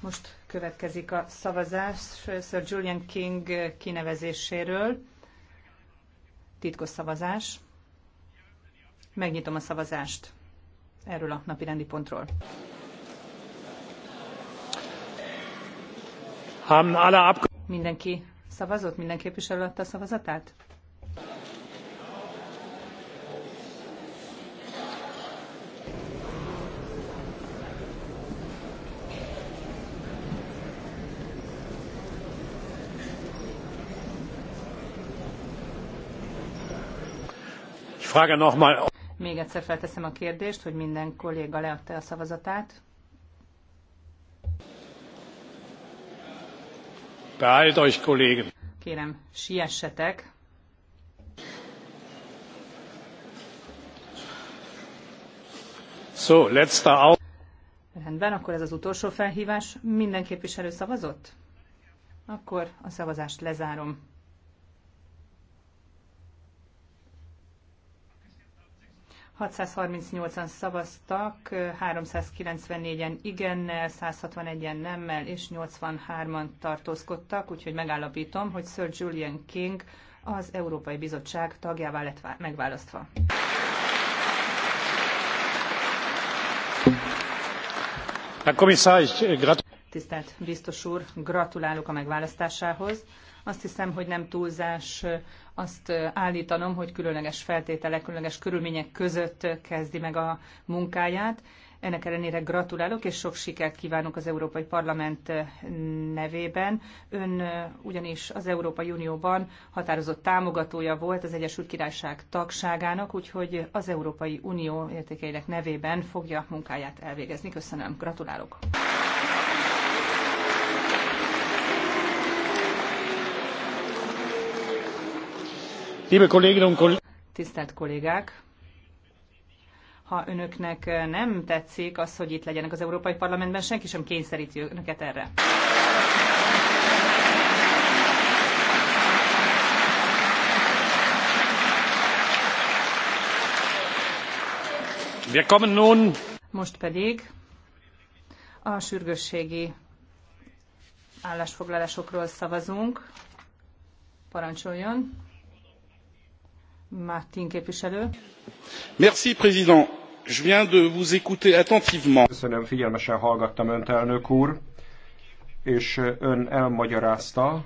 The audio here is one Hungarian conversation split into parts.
Most következik a szavazás Sir Julian King kinevezéséről. Titkos szavazás. Megnyitom a szavazást erről a napirendi pontról. Mindenki szavazott? Minden képviselő adta a szavazatát? Még egyszer felteszem a kérdést, hogy minden kolléga leadta a szavazatát. Beállt euch, Kollegen! Kérem, siessetek! So, letzter Au Rendben, akkor ez az utolsó felhívás. Minden képviselő szavazott? Akkor a szavazást lezárom. 638-an szavaztak, 394-en igennel, 161-en nemmel és 83-an tartózkodtak, úgyhogy megállapítom, hogy Sir Julian King az Európai Bizottság tagjává lett megválasztva. Äh, Tisztelt biztos úr, gratulálok a megválasztásához. Azt hiszem, hogy nem túlzás azt állítanom, hogy különleges feltételek, különleges körülmények között kezdi meg a munkáját. Ennek ellenére gratulálok, és sok sikert kívánok az Európai Parlament nevében. Ön ugyanis az Európai Unióban határozott támogatója volt az Egyesült Királyság tagságának, úgyhogy az Európai Unió értékeinek nevében fogja munkáját elvégezni. Köszönöm, gratulálok! Tisztelt kollégák! Ha önöknek nem tetszik az, hogy itt legyenek az Európai Parlamentben, senki sem kényszeríti önöket erre. Wir kommen nun most pedig a sürgősségi állásfoglalásokról szavazunk. Parancsoljon! Köszönöm, figyelmesen hallgattam önt, elnök úr, és ön elmagyarázta,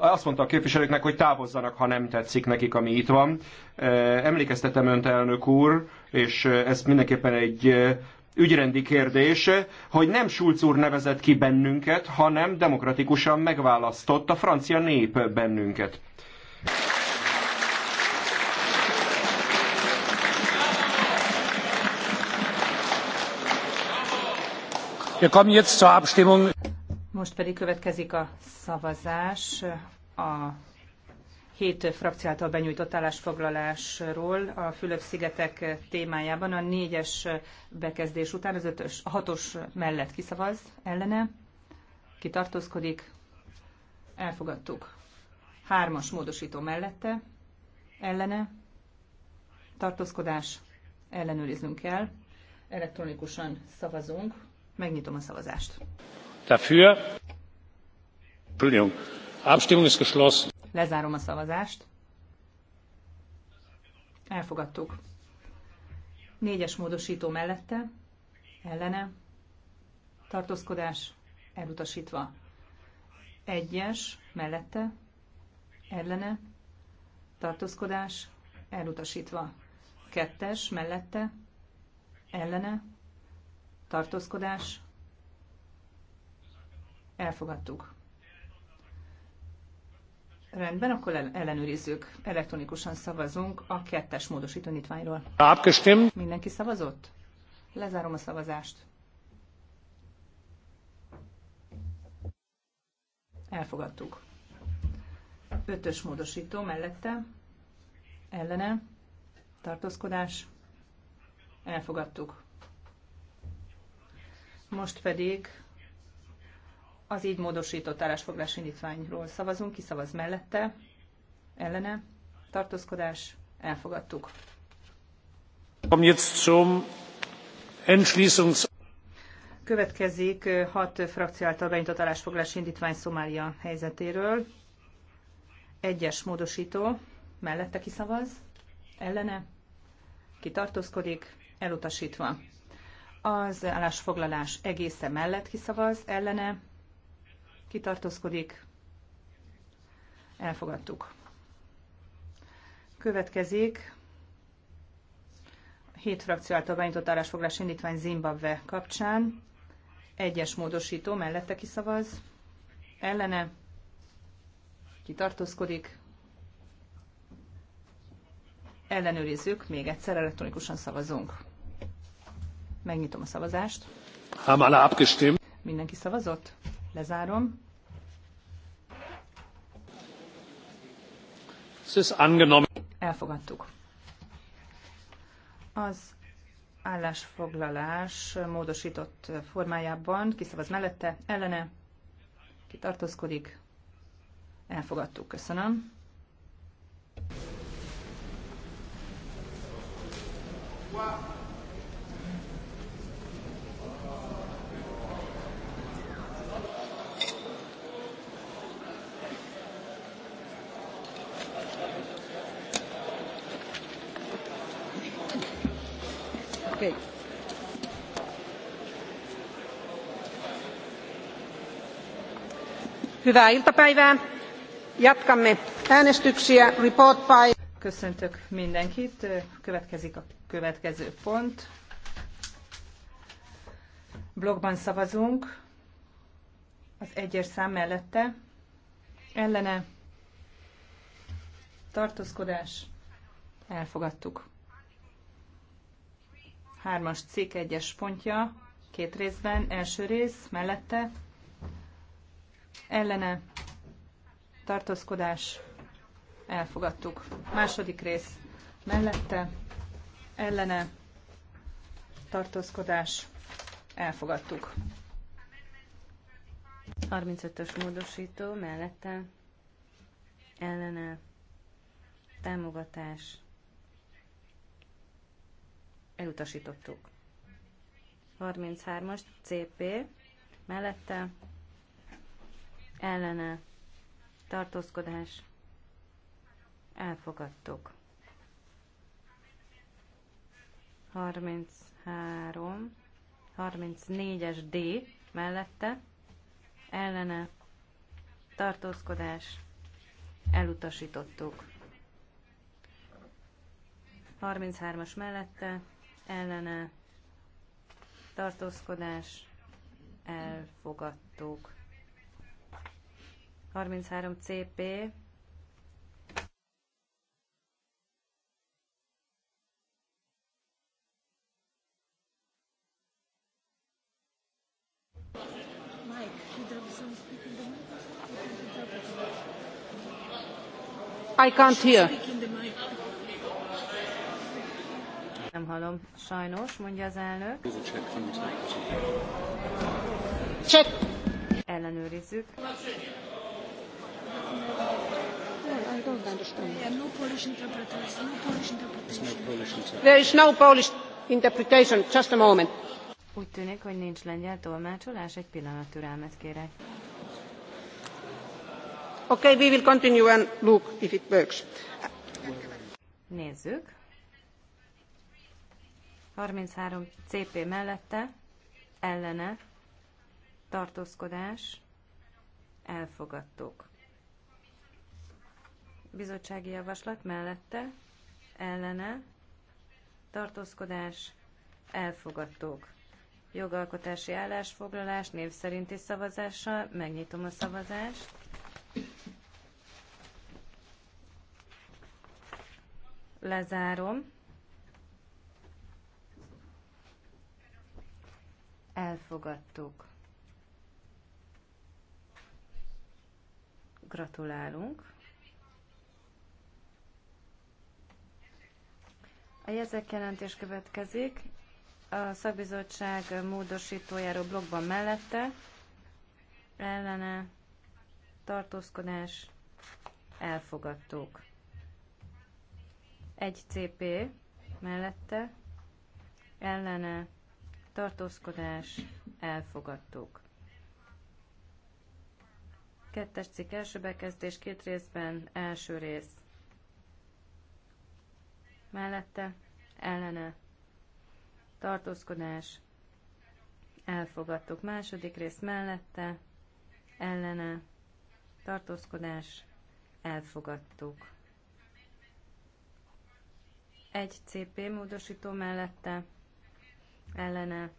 azt mondta a képviselőknek, hogy távozzanak, ha nem tetszik nekik, ami itt van. E, emlékeztetem önt, elnök úr, és ezt mindenképpen egy e, ügyrendi kérdés, hogy nem Schulz úr nevezett ki bennünket, hanem demokratikusan megválasztott a francia nép bennünket. Most pedig következik a szavazás a hét frakció által benyújtott állásfoglalásról a Fülöp-szigetek témájában. A négyes bekezdés után az ötös, a hatos mellett kiszavaz ellene, kitartózkodik, elfogadtuk. Hármas módosító mellette, ellene, tartózkodás, ellenőriznünk kell. Elektronikusan szavazunk Megnyitom a szavazást. Dafür. Entschuldigung. Abstimmung ist geschlossen. Lezárom a szavazást. Elfogadtuk. Négyes módosító mellette, ellene, tartózkodás, elutasítva. Egyes mellette, ellene, tartózkodás, elutasítva. Kettes mellette, ellene, tartózkodás, elfogadtuk. Rendben, akkor ellenőrizzük. Elektronikusan szavazunk a kettes módosítanítványról. Abgestimmt. Mindenki szavazott? Lezárom a szavazást. Elfogadtuk. Ötös módosító mellette, ellene, tartózkodás, elfogadtuk. Most pedig az így módosított állásfoglás indítványról szavazunk. Ki szavaz mellette? Ellene? Tartózkodás? Elfogadtuk. Következik hat frakció által beintott állásfoglás indítvány Szomália helyzetéről. Egyes módosító mellette kiszavaz, ellene, kitartózkodik, elutasítva. Az állásfoglalás egésze mellett kiszavaz, ellene kitartózkodik, elfogadtuk. Következik hét frakció által benyújtott állásfoglalás indítvány Zimbabwe kapcsán. Egyes módosító mellette kiszavaz, ellene kitartózkodik, ellenőrizzük, még egyszer elektronikusan szavazunk. Megnyitom a szavazást. Haben abgestimmt? Mindenki szavazott? Lezárom. Es ist angenommen. Elfogadtuk. Az állásfoglalás módosított formájában kiszavaz mellette, ellene, ki tartózkodik. Elfogadtuk. Köszönöm. Wow. Hyvää iltapäivää. Jatkamme äänestyksiä. Report by... Köszöntök mindenkit. Következik a következő pont. Blogban szavazunk. Az egyes szám mellette. Ellene. Tartózkodás. Elfogadtuk. Hármas cikk egyes pontja. Két részben. Első rész mellette ellene tartózkodás elfogadtuk. Második rész mellette ellene tartózkodás elfogadtuk. 35-ös módosító mellette ellene támogatás elutasítottuk. 33-as CP mellette ellene tartózkodás elfogadtuk. 33, 34-es D mellette ellene tartózkodás elutasítottuk. 33-as mellette ellene tartózkodás elfogadtuk. 33 CP, I can't hear. Nem hallom, sajnos, mondja az elnök. Check. Ellenőrizzük. There is no Polish interpretation. Just a moment. Úgy tűnik, hogy nincs lengyel tolmácsolás. Egy pillanat türelmet kérek. Okay, we will continue and look if it works. Nézzük. 33 CP mellette, ellene, tartózkodás, elfogadtuk bizottsági javaslat mellette, ellene, tartózkodás, elfogadtók. Jogalkotási állásfoglalás név szerinti szavazással, megnyitom a szavazást. Lezárom. Elfogadtuk. Gratulálunk. A jelentés következik. A szakbizottság módosítójáról blogban mellette ellene tartózkodás elfogadtuk. Egy CP mellette ellene tartózkodás elfogadtuk. Kettes cikk első bekezdés két részben, első rész mellette ellene tartózkodás, elfogadtuk. Második rész mellette ellene tartózkodás, elfogadtuk. Egy CP módosító mellette ellene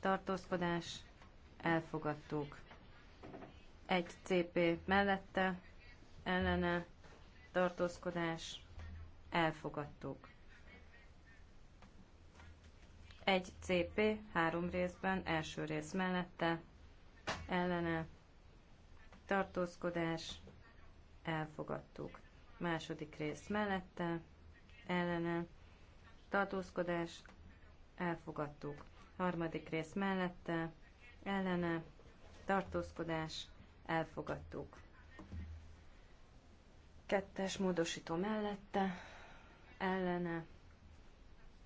tartózkodás, elfogadtuk. Egy CP mellette ellene tartózkodás, elfogadtuk. Egy CP három részben, első rész mellette, ellene, tartózkodás, elfogadtuk. Második rész mellette, ellene, tartózkodás, elfogadtuk. Harmadik rész mellette, ellene, tartózkodás, elfogadtuk. Kettes módosító mellette, ellene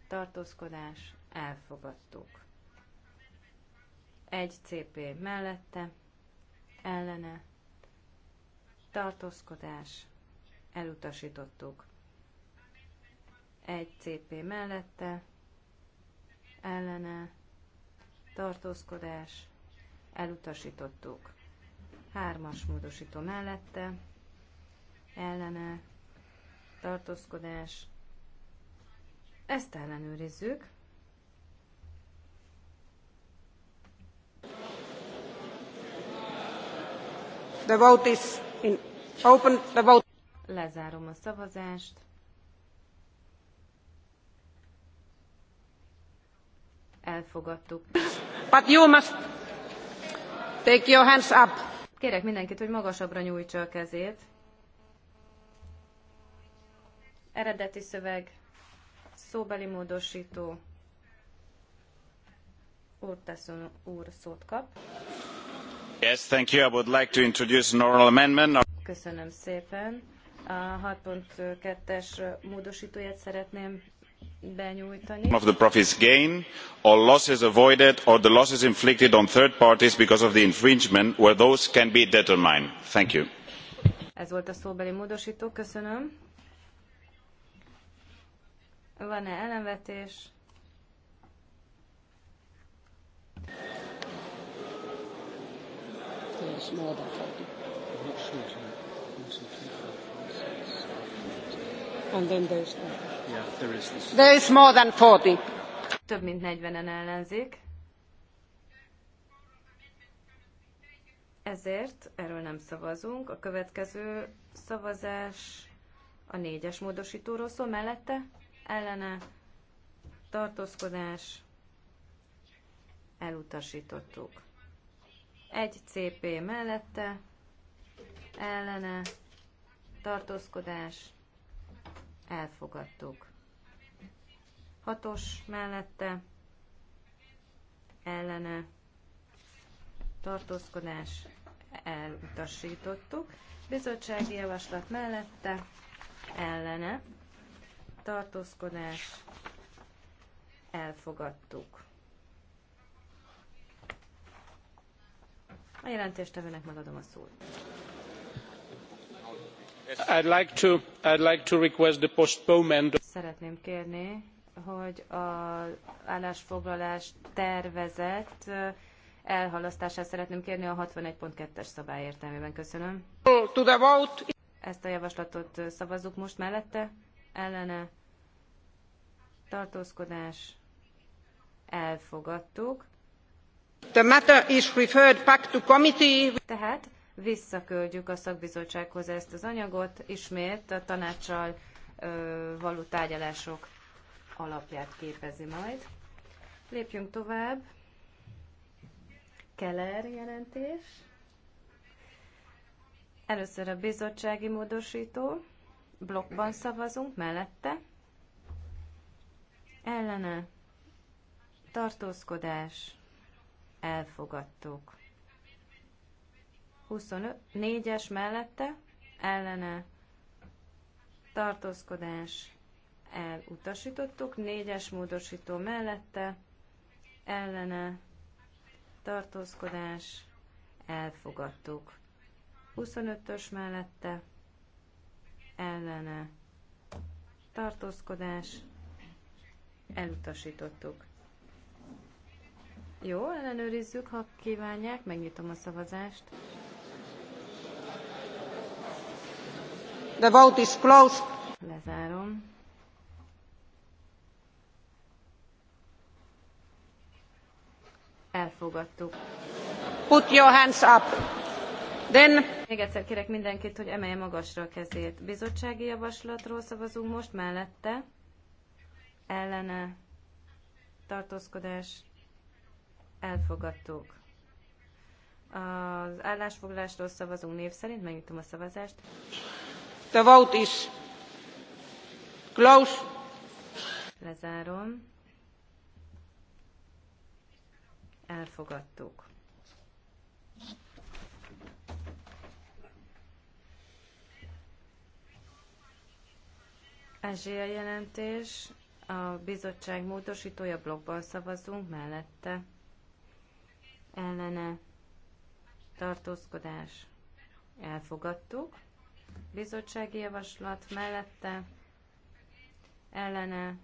tartózkodás elfogadtuk. Egy CP mellette ellene tartózkodás elutasítottuk. Egy CP mellette ellene tartózkodás elutasítottuk. Hármas módosító mellette ellene tartózkodás ezt ellenőrizzük. The vote is in open the vote. Lezárom a szavazást. Elfogadtuk. But you must take your hands up. Kérek mindenkit, hogy magasabbra nyújtsa a kezét. Eredeti szöveg szóbeli módosító Urtasun úr szót kap. Yes, thank you. I would like to introduce an oral amendment. Köszönöm szépen. A 6.2-es módosítóját szeretném benyújtani. Of the profits gain or losses avoided or the losses inflicted on third parties because of the infringement where those can be determined. Thank you. Ez volt a szóbeli módosító. Köszönöm. Van-e ellenvetés? And then there's yeah, there is this. There is more than 40. Több mint 40-en ellenzik. Ezért erről nem szavazunk. A következő szavazás a négyes módosítóról szól mellette ellene tartózkodás elutasítottuk. egy CP mellette ellene tartózkodás elfogadtuk. hatos mellette ellene tartózkodás elutasítottuk. Bizottsági javaslat mellette ellene tartózkodás, elfogadtuk. A jelentéstevőnek megadom a szót. I'd like to, I'd like to request the postponement. Szeretném kérni, hogy az állásfoglalás tervezett elhalasztását szeretném kérni a 61.2-es szabály értelmében. Köszönöm. Ezt a javaslatot szavazzuk most mellette ellene tartózkodás elfogadtuk. The matter is referred back to committee. Tehát visszaküldjük a szakbizottsághoz ezt az anyagot, ismét a tanácssal ö, való tárgyalások alapját képezi majd. Lépjünk tovább. Keller jelentés. Először a bizottsági módosító blokkban szavazunk, mellette, ellene, tartózkodás, elfogadtuk. 24-es mellette, ellene, tartózkodás, elutasítottuk, 4-es módosító mellette, ellene, tartózkodás, elfogadtuk. 25-ös mellette, ellene tartózkodás elutasítottuk. Jó, ellenőrizzük, ha kívánják, megnyitom a szavazást. The vote is closed. Lezárom. Elfogadtuk. Put your hands up. Then még egyszer kérek mindenkit, hogy emelje magasra a kezét. Bizottsági javaslatról szavazunk most, mellette. Ellene. Tartózkodás. Elfogadtuk. Az állásfoglalásról szavazunk név szerint. Megnyitom a szavazást. The vote is close. Lezárom. Elfogadtuk. Ázsia jelentés, a bizottság módosítója blogban szavazunk mellette. Ellene tartózkodás elfogadtuk. Bizottsági javaslat mellette ellene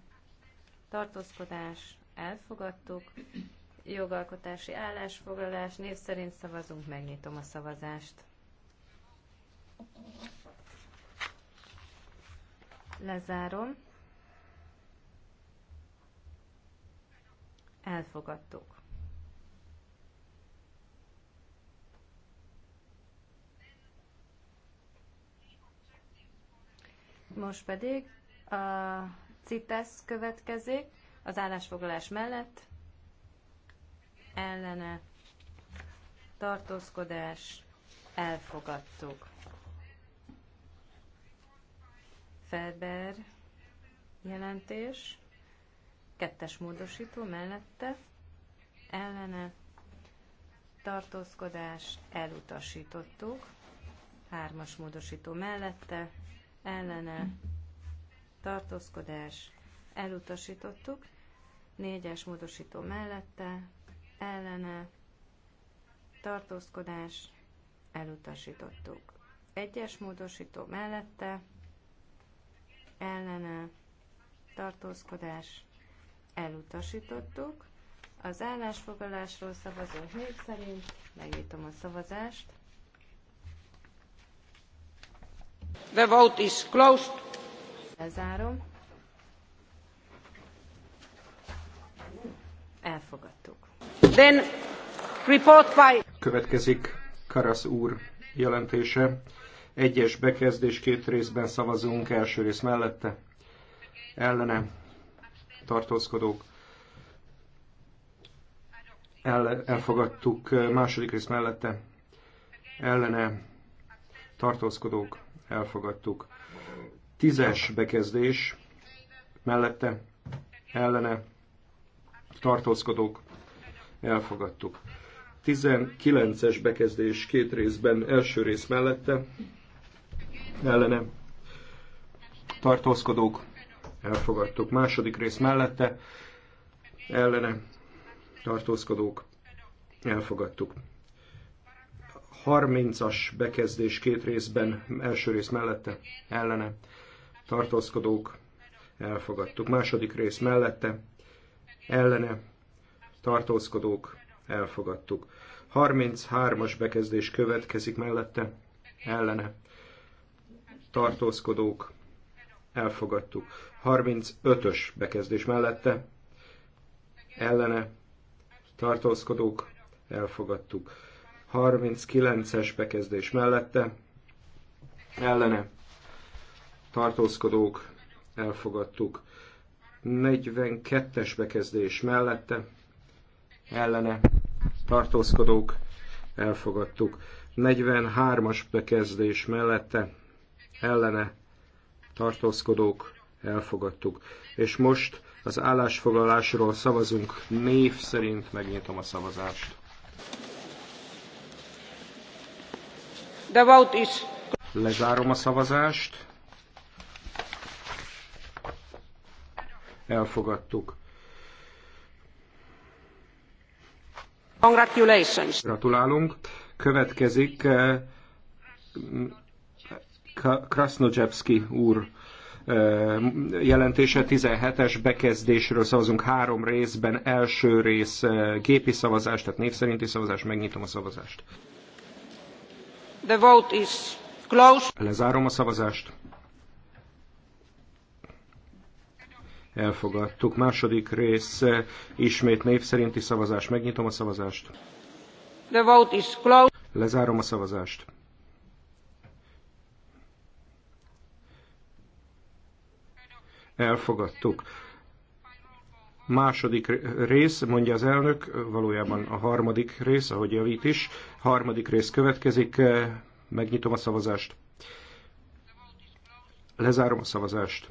tartózkodás elfogadtuk. Jogalkotási állásfoglalás név szerint szavazunk, megnyitom a szavazást. lezárom. Elfogadtuk. Most pedig a CITES következik, az állásfoglalás mellett ellene tartózkodás elfogadtuk. Felber jelentés, kettes módosító mellette, ellene, tartózkodás, elutasítottuk, hármas módosító mellette, ellene, tartózkodás, elutasítottuk, négyes módosító mellette, ellene, tartózkodás, elutasítottuk. Egyes módosító mellette, ellene tartózkodás elutasítottuk. Az állásfoglalásról szavazók név szerint. Megnyitom a szavazást. The vote is closed. Lezárom. Elfogadtuk. Then report by... Következik Karasz úr jelentése. Egyes bekezdés két részben szavazunk, első rész mellette, ellene, tartózkodók, el, elfogadtuk második rész mellette, ellene, tartózkodók, elfogadtuk. Tízes bekezdés mellette, ellene, tartózkodók, elfogadtuk. 19-es bekezdés két részben, első rész mellette, ellene tartózkodók elfogadtuk. Második rész mellette ellene tartózkodók elfogadtuk. 30-as bekezdés két részben, első rész mellette ellene tartózkodók elfogadtuk. Második rész mellette ellene tartózkodók elfogadtuk. 33-as bekezdés következik mellette ellene tartózkodók, elfogadtuk. 35-ös bekezdés mellette, ellene, tartózkodók, elfogadtuk. 39-es bekezdés mellette, ellene, tartózkodók, elfogadtuk. 42-es bekezdés mellette, ellene, tartózkodók, elfogadtuk. 43-as bekezdés mellette, ellene tartózkodók elfogadtuk. És most az állásfoglalásról szavazunk név szerint, megnyitom a szavazást. The vote is... Lezárom a szavazást. Elfogadtuk. Congratulations. Gratulálunk. Következik eh, Krasnodzsebszki úr jelentése 17-es bekezdésről szavazunk három részben. Első rész gépi szavazás, tehát név szerinti szavazás. Megnyitom a szavazást. The vote is closed. Lezárom a szavazást. Elfogadtuk. Második rész ismét név szerinti szavazás. Megnyitom a szavazást. The vote is closed. Lezárom a szavazást. elfogadtuk. Második rész, mondja az elnök, valójában a harmadik rész, ahogy javít is. Harmadik rész következik, megnyitom a szavazást. Lezárom a szavazást.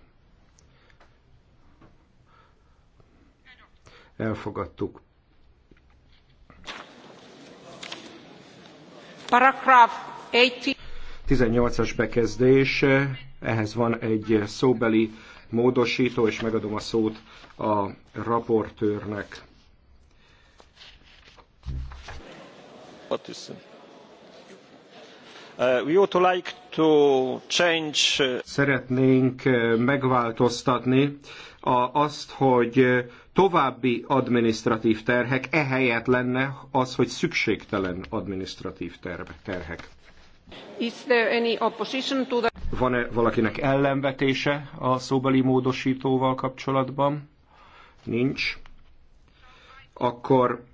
Elfogadtuk. Paragraf 18-as bekezdés, ehhez van egy szóbeli módosító, és megadom a szót a raportőrnek. Uh, uh, Szeretnénk uh, megváltoztatni a, azt, hogy további adminisztratív terhek, ehelyett lenne az, hogy szükségtelen adminisztratív terhek. Is there any opposition to the... Van-e valakinek ellenvetése a szóbeli módosítóval kapcsolatban? Nincs. Akkor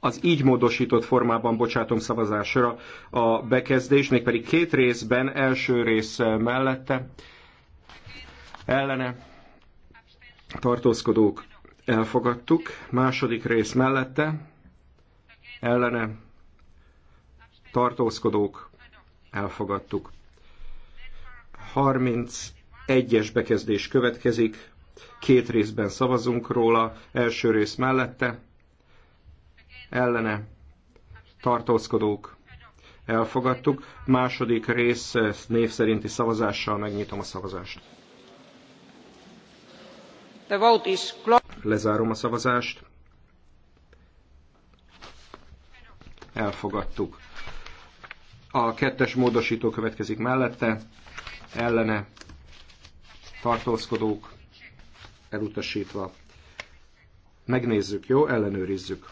az így módosított formában bocsátom szavazásra a bekezdés, mégpedig két részben, első rész mellette, ellene tartózkodók elfogadtuk, második rész mellette, ellene tartózkodók elfogadtuk. 31-es bekezdés következik, két részben szavazunk róla, első rész mellette, ellene, tartózkodók, elfogadtuk. Második rész név szerinti szavazással megnyitom a szavazást. The vote is Lezárom a szavazást. Elfogadtuk. A kettes módosító következik mellette, ellene tartózkodók elutasítva. Megnézzük, jó? Ellenőrizzük.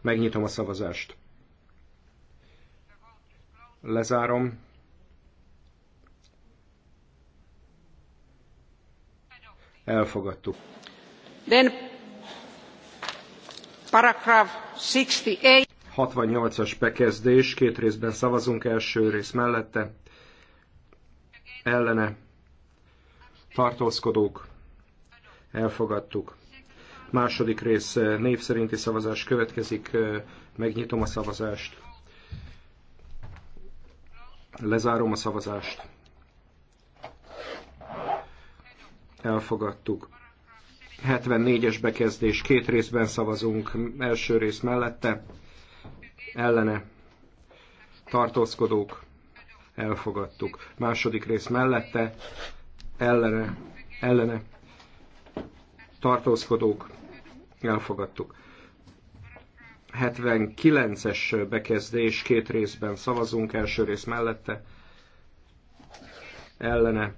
Megnyitom a szavazást. Lezárom. Elfogadtuk. Then paragraph 68. 68-as bekezdés, két részben szavazunk, első rész mellette ellene tartózkodók elfogadtuk. Második rész eh, név szerinti szavazás következik, eh, megnyitom a szavazást, lezárom a szavazást, elfogadtuk. 74-es bekezdés, két részben szavazunk, első rész mellette, ellene tartózkodók elfogadtuk. Második rész mellette, ellene, ellene, tartózkodók, elfogadtuk. 79-es bekezdés, két részben szavazunk, első rész mellette, ellene,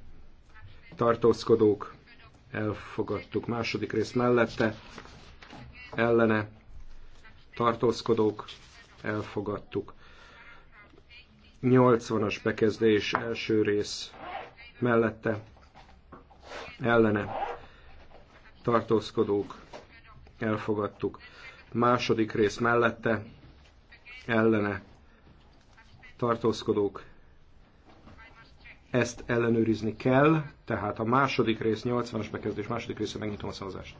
tartózkodók, elfogadtuk. Második rész mellette, ellene, tartózkodók, elfogadtuk. 80-as bekezdés első rész mellette ellene tartózkodók elfogadtuk. Második rész mellette ellene tartózkodók ezt ellenőrizni kell, tehát a második rész, 80-as bekezdés második része, megnyitom a szavazást.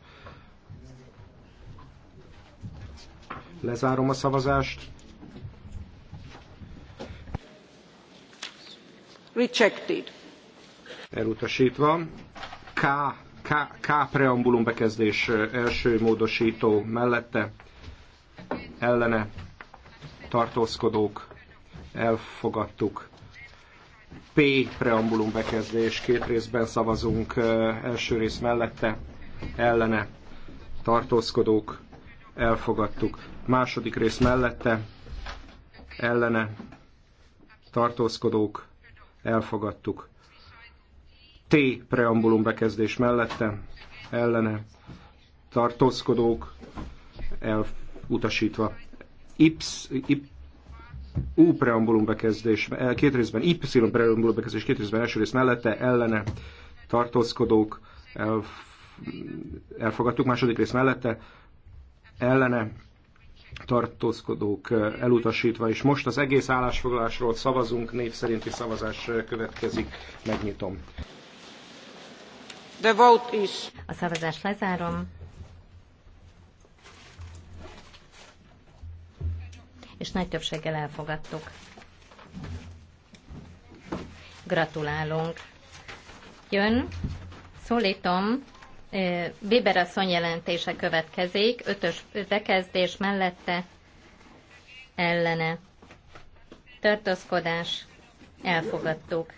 Lezárom a szavazást. rejected. Elutasítva. K, K, K preambulum bekezdés első módosító mellette ellene tartózkodók elfogadtuk. P preambulum bekezdés, két részben szavazunk, első rész mellette, ellene, tartózkodók, elfogadtuk. Második rész mellette, ellene, tartózkodók, elfogadtuk. T preambulum bekezdés mellette, ellene tartózkodók elutasítva. U preambulum bekezdés, eh, két részben Y preambulum bekezdés, két részben első rész mellette, ellene tartózkodók elf, elfogadtuk, második rész mellette, ellene tartózkodók eh, elutasítva, és most az egész állásfoglalásról szavazunk, név szerinti szavazás eh, következik, megnyitom. The vote is. A szavazást lezárom. És nagy többséggel elfogadtuk. Gratulálunk. Jön, szólítom Biber asszony jelentése következik, ötös bekezdés mellette ellene. Tartózkodás, elfogadtuk.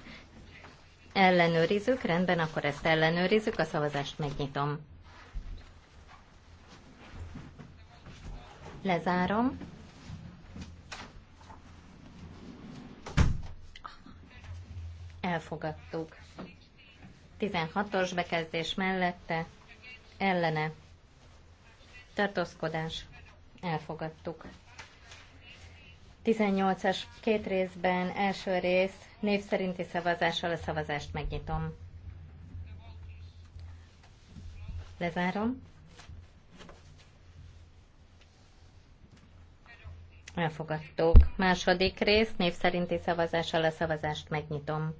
Ellenőrizzük, rendben, akkor ezt ellenőrizzük, a szavazást megnyitom. Lezárom. Elfogadtuk. 16-os bekezdés mellette ellene tartózkodás elfogadtuk. 18-as két részben első rész név szerinti szavazással a szavazást megnyitom. Lezárom. Elfogadtuk. Második rész név szerinti szavazással a szavazást megnyitom.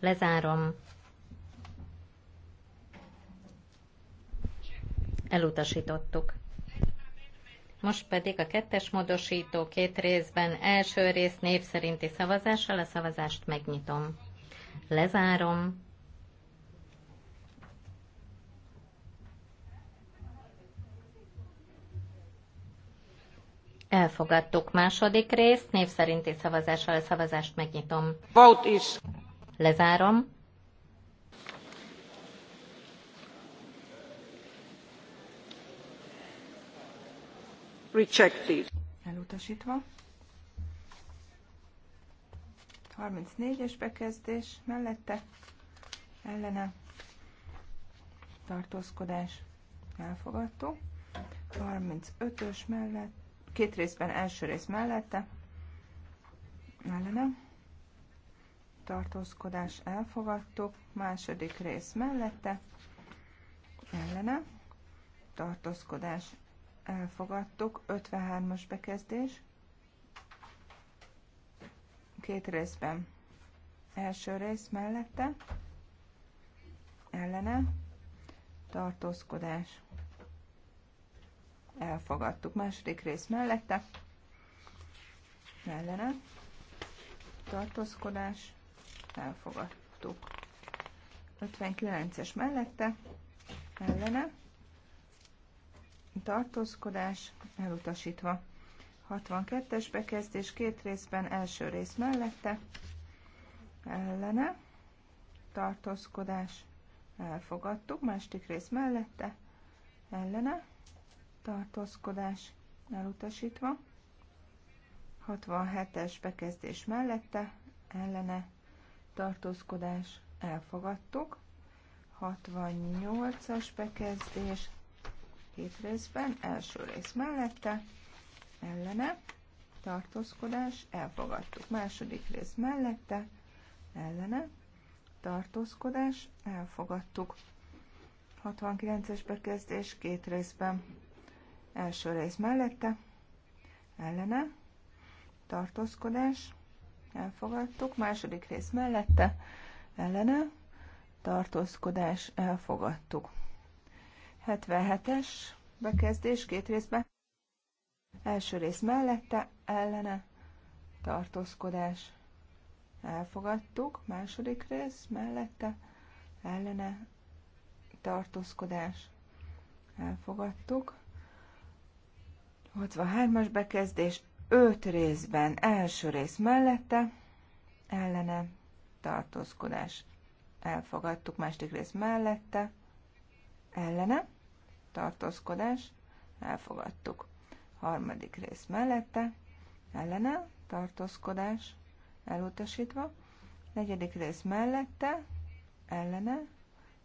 Lezárom. Elutasítottuk. Most pedig a kettes módosító két részben első rész név szerinti szavazással a szavazást megnyitom. Lezárom. Elfogadtuk második részt, név szerinti szavazással a szavazást megnyitom. Vote is. Lezárom. Rejected. Elutasítva. 34-es bekezdés mellette ellene tartózkodás elfogadó. 35-ös mellett, két részben első rész mellette ellene tartózkodás elfogadtuk, második rész mellette, ellene, tartózkodás elfogadtuk, 53-as bekezdés, két részben, első rész mellette, ellene, tartózkodás elfogadtuk, második rész mellette, ellene, tartózkodás elfogadtuk. 59-es mellette, ellene, tartózkodás elutasítva. 62-es bekezdés két részben, első rész mellette, ellene, tartózkodás elfogadtuk, másik rész mellette, ellene, tartózkodás elutasítva. 67-es bekezdés mellette, ellene, tartózkodás elfogadtuk. 68-as bekezdés két részben, első rész mellette, ellene, tartózkodás, elfogadtuk. Második rész mellette, ellene, tartózkodás, elfogadtuk. 69-es bekezdés két részben, első rész mellette, ellene, tartózkodás, elfogadtuk, második rész mellette, ellene, tartózkodás, elfogadtuk. 77-es bekezdés két részben. Első rész mellette, ellene, tartózkodás, elfogadtuk. Második rész mellette, ellene, tartózkodás, elfogadtuk. 63-as bekezdés öt részben, első rész mellette, ellene, tartózkodás. Elfogadtuk, második rész mellette, ellene, tartózkodás, elfogadtuk. Harmadik rész mellette, ellene, tartózkodás, elutasítva. Negyedik rész mellette, ellene,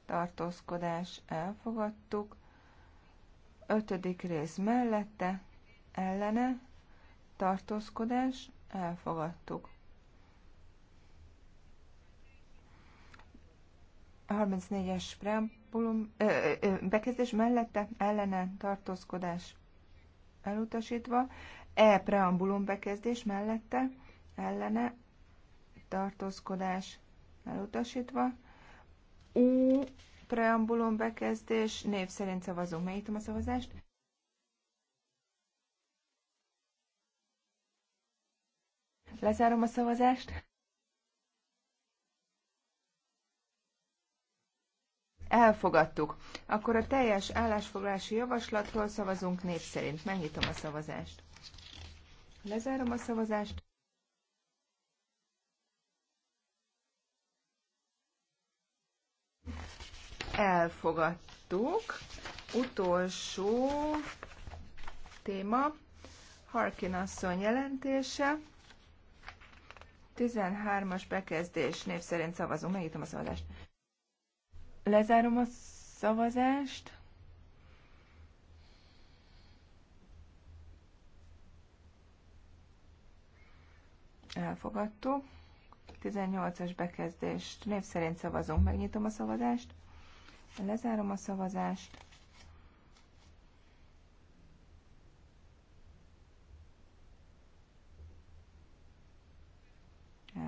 tartózkodás, elfogadtuk. Ötödik rész mellette, ellene, tartózkodás, elfogadtuk. 34-es preambulum, ö, ö, bekezdés mellette ellene tartózkodás elutasítva, E preambulum bekezdés mellette ellene tartózkodás elutasítva, U preambulum bekezdés, név szerint szavazunk, melyítom a szavazást. Lezárom a szavazást. Elfogadtuk. Akkor a teljes állásfoglalási javaslatról szavazunk név szerint. Megnyitom a szavazást. Lezárom a szavazást. Elfogadtuk. Utolsó téma. Harkin asszony jelentése. 13-as bekezdés név szerint szavazunk. Megnyitom a szavazást. Lezárom a szavazást. Elfogadtuk. 18-as bekezdést név szerint szavazunk. Megnyitom a szavazást. Lezárom a szavazást.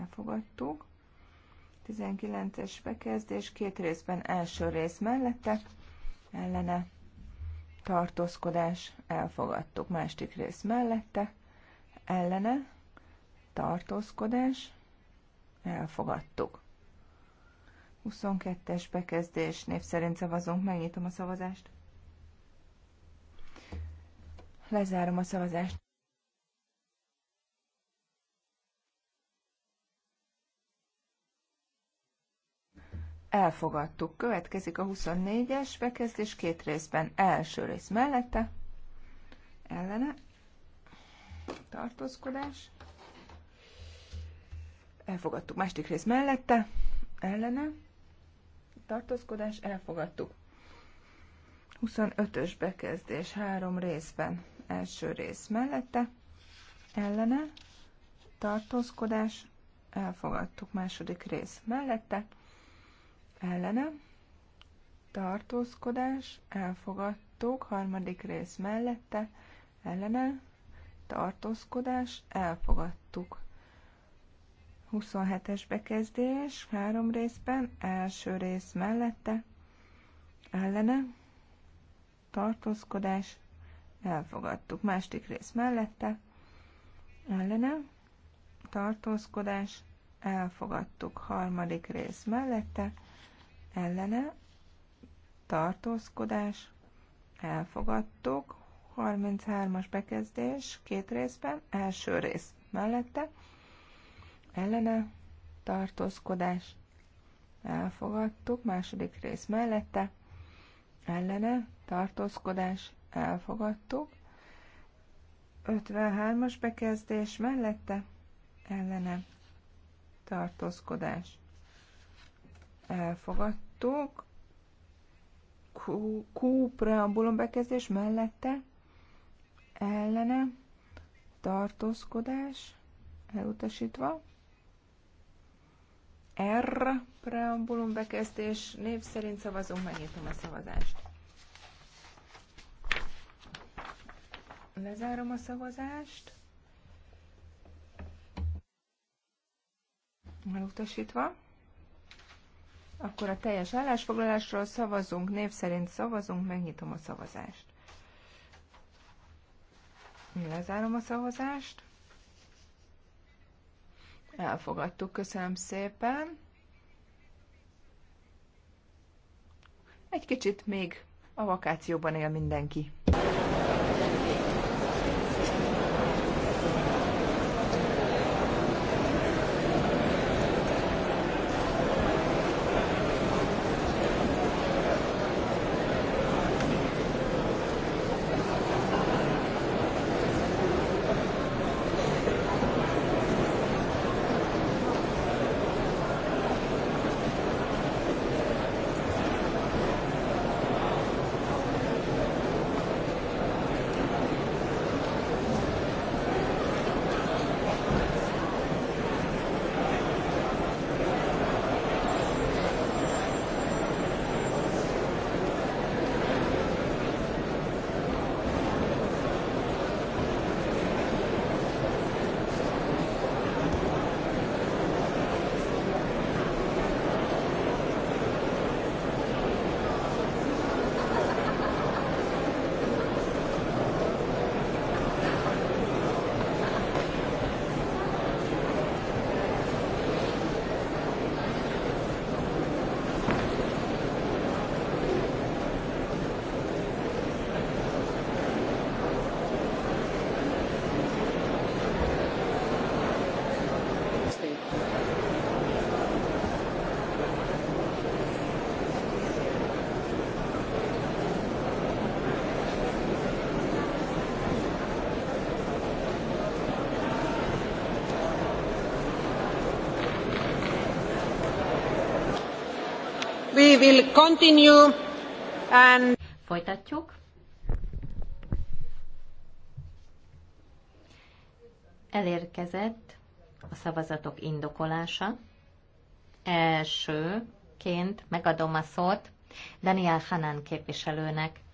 elfogadtuk. 19-es bekezdés, két részben első rész mellette, ellene tartózkodás, elfogadtuk. Másik rész mellette, ellene tartózkodás, elfogadtuk. 22-es bekezdés, név szerint szavazunk, megnyitom a szavazást. Lezárom a szavazást. elfogadtuk. Következik a 24-es bekezdés két részben. Első rész mellette, ellene, tartózkodás. Elfogadtuk. Második rész mellette, ellene, tartózkodás, elfogadtuk. 25-ös bekezdés három részben. Első rész mellette, ellene, tartózkodás, elfogadtuk. Második rész mellette, ellene, tartózkodás, elfogadtuk, harmadik rész mellette, ellene, tartózkodás, elfogadtuk. 27-es bekezdés, három részben, első rész mellette, ellene, tartózkodás, elfogadtuk. Második rész mellette, ellene, tartózkodás, elfogadtuk. Harmadik rész mellette, ellene, tartózkodás, elfogadtuk, 33-as bekezdés, két részben, első rész mellette, ellene, tartózkodás, elfogadtuk, második rész mellette, ellene, tartózkodás, elfogadtuk, 53-as bekezdés mellette, ellene, tartózkodás, elfogadtuk, láttok. Q, Q preambulum bekezdés mellette ellene tartózkodás elutasítva. R preambulum bekezdés név szerint szavazunk, megnyitom a szavazást. Lezárom a szavazást. Elutasítva. Akkor a teljes állásfoglalásról szavazunk, név szerint szavazunk, megnyitom a szavazást. Lezárom a szavazást. Elfogadtuk, köszönöm szépen. Egy kicsit még a vakációban él mindenki. will continue and... Folytatjuk. Elérkezett a szavazatok indokolása. Elsőként megadom a szót Daniel Hanan képviselőnek.